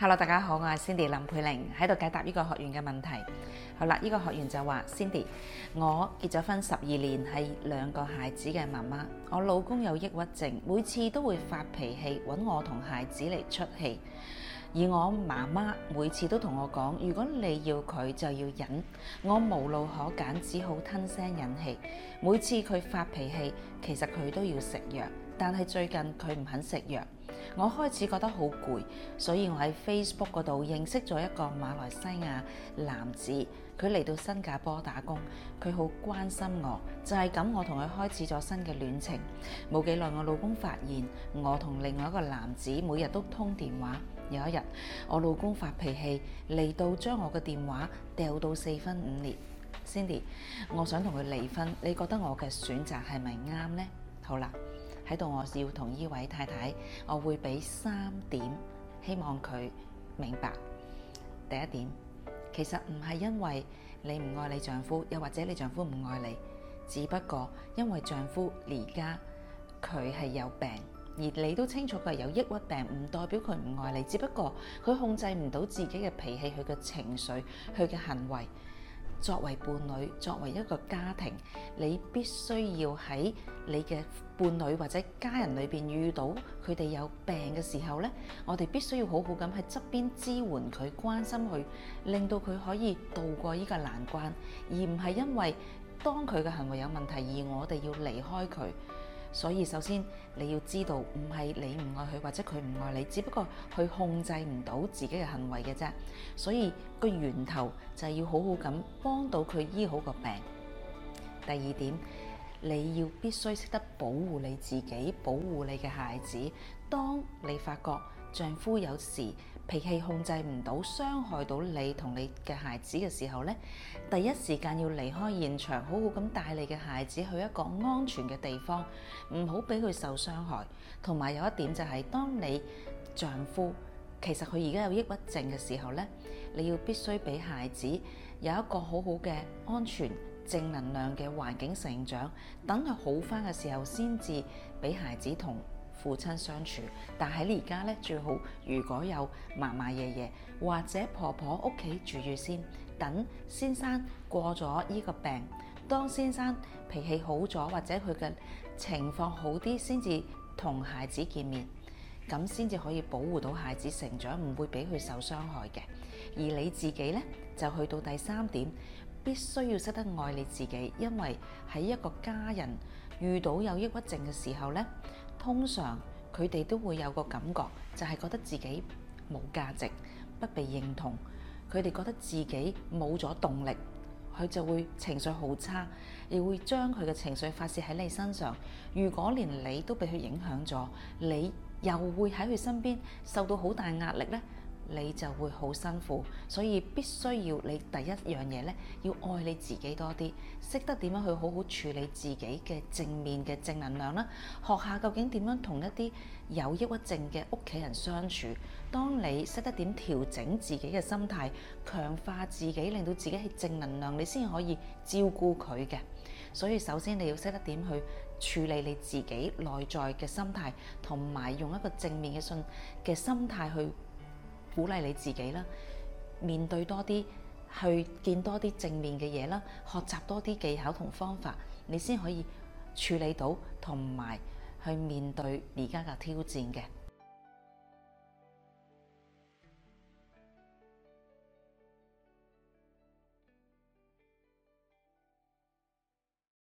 Hello 大家好，我係 Cindy 林佩玲喺度解答呢個學員嘅問題。好啦，呢個學員就話 Cindy，我結咗婚十二年，係兩個孩子嘅媽媽。我老公有抑鬱症，每次都會發脾氣，搵我同孩子嚟出氣。而我媽媽每次都同我講，如果你要佢就要忍。我無路可揀，只好吞聲忍氣。每次佢發脾氣，其實佢都要食藥。但係最近佢唔肯食藥，我開始覺得好攰，所以我喺 Facebook 嗰度認識咗一個馬來西亞男子，佢嚟到新加坡打工，佢好關心我，就係咁我同佢開始咗新嘅戀情。冇幾耐，我老公發現我同另外一個男子每日都通電話。有一日，我老公發脾氣嚟到，將我嘅電話掉到四分五裂。Cindy，我想同佢離婚，你覺得我嘅選擇係咪啱呢？好啦。喺度，我要同依位太太，我會俾三點，希望佢明白。第一點，其實唔係因為你唔愛你丈夫，又或者你丈夫唔愛你，只不過因為丈夫而家，佢係有病，而你都清楚佢係有抑鬱病，唔代表佢唔愛你，只不過佢控制唔到自己嘅脾氣、佢嘅情緒、佢嘅行為。作為伴侶，作為一個家庭，你必須要喺你嘅伴侶或者家人裏邊遇到佢哋有病嘅時候呢，我哋必須要好好咁喺側邊支援佢、關心佢，令到佢可以渡過呢個難關，而唔係因為當佢嘅行為有問題，而我哋要離開佢。所以首先你要知道，唔係你唔愛佢或者佢唔愛你，只不過佢控制唔到自己嘅行為嘅啫。所以個源頭就係要好好咁幫到佢醫好個病。第二點，你要必須識得保護你自己，保護你嘅孩子。當你發覺，丈夫有時脾氣控制唔到，傷害到你同你嘅孩子嘅時候咧，第一時間要離開現場，好好咁帶你嘅孩子去一個安全嘅地方，唔好俾佢受傷害。同埋有一點就係，當你丈夫其實佢而家有抑鬱症嘅時候咧，你要必須俾孩子有一個好好嘅安全、正能量嘅環境成長，等佢好返嘅時候先至俾孩子同父親相處，但喺你而家咧，最好，如果有嫲嫲、爺爺或者婆婆屋企住住先，等先生過咗依個病，當先生脾氣好咗或者佢嘅情況好啲，先至同孩子見面，咁先至可以保護到孩子成長，唔會俾佢受傷害嘅。而你自己呢，就去到第三點，必須要識得愛你自己，因為喺一個家人，遇到有抑鬱症嘅時候呢，通常佢哋都會有個感覺，就係覺得自己冇價值、不被認同，佢哋覺得自己冇咗動力，佢就會情緒好差，而會將佢嘅情緒發泄喺你身上。如果連你都被佢影響咗，你又會喺佢身邊受到好大壓力呢。你就會好辛苦，所以必須要你第一樣嘢咧，要愛你自己多啲，識得點樣去好好處理自己嘅正面嘅正能量啦。學下究竟點樣同一啲有抑鬱症嘅屋企人相處，當你識得點調整自己嘅心態，強化自己，令到自己係正能量，你先可以照顧佢嘅。所以首先你要識得點去處理你自己內在嘅心態，同埋用一個正面嘅信嘅心態去。鼓勵你自己啦，面對多啲，去見多啲正面嘅嘢啦，學習多啲技巧同方法，你先可以處理到同埋去面對而家嘅挑戰嘅。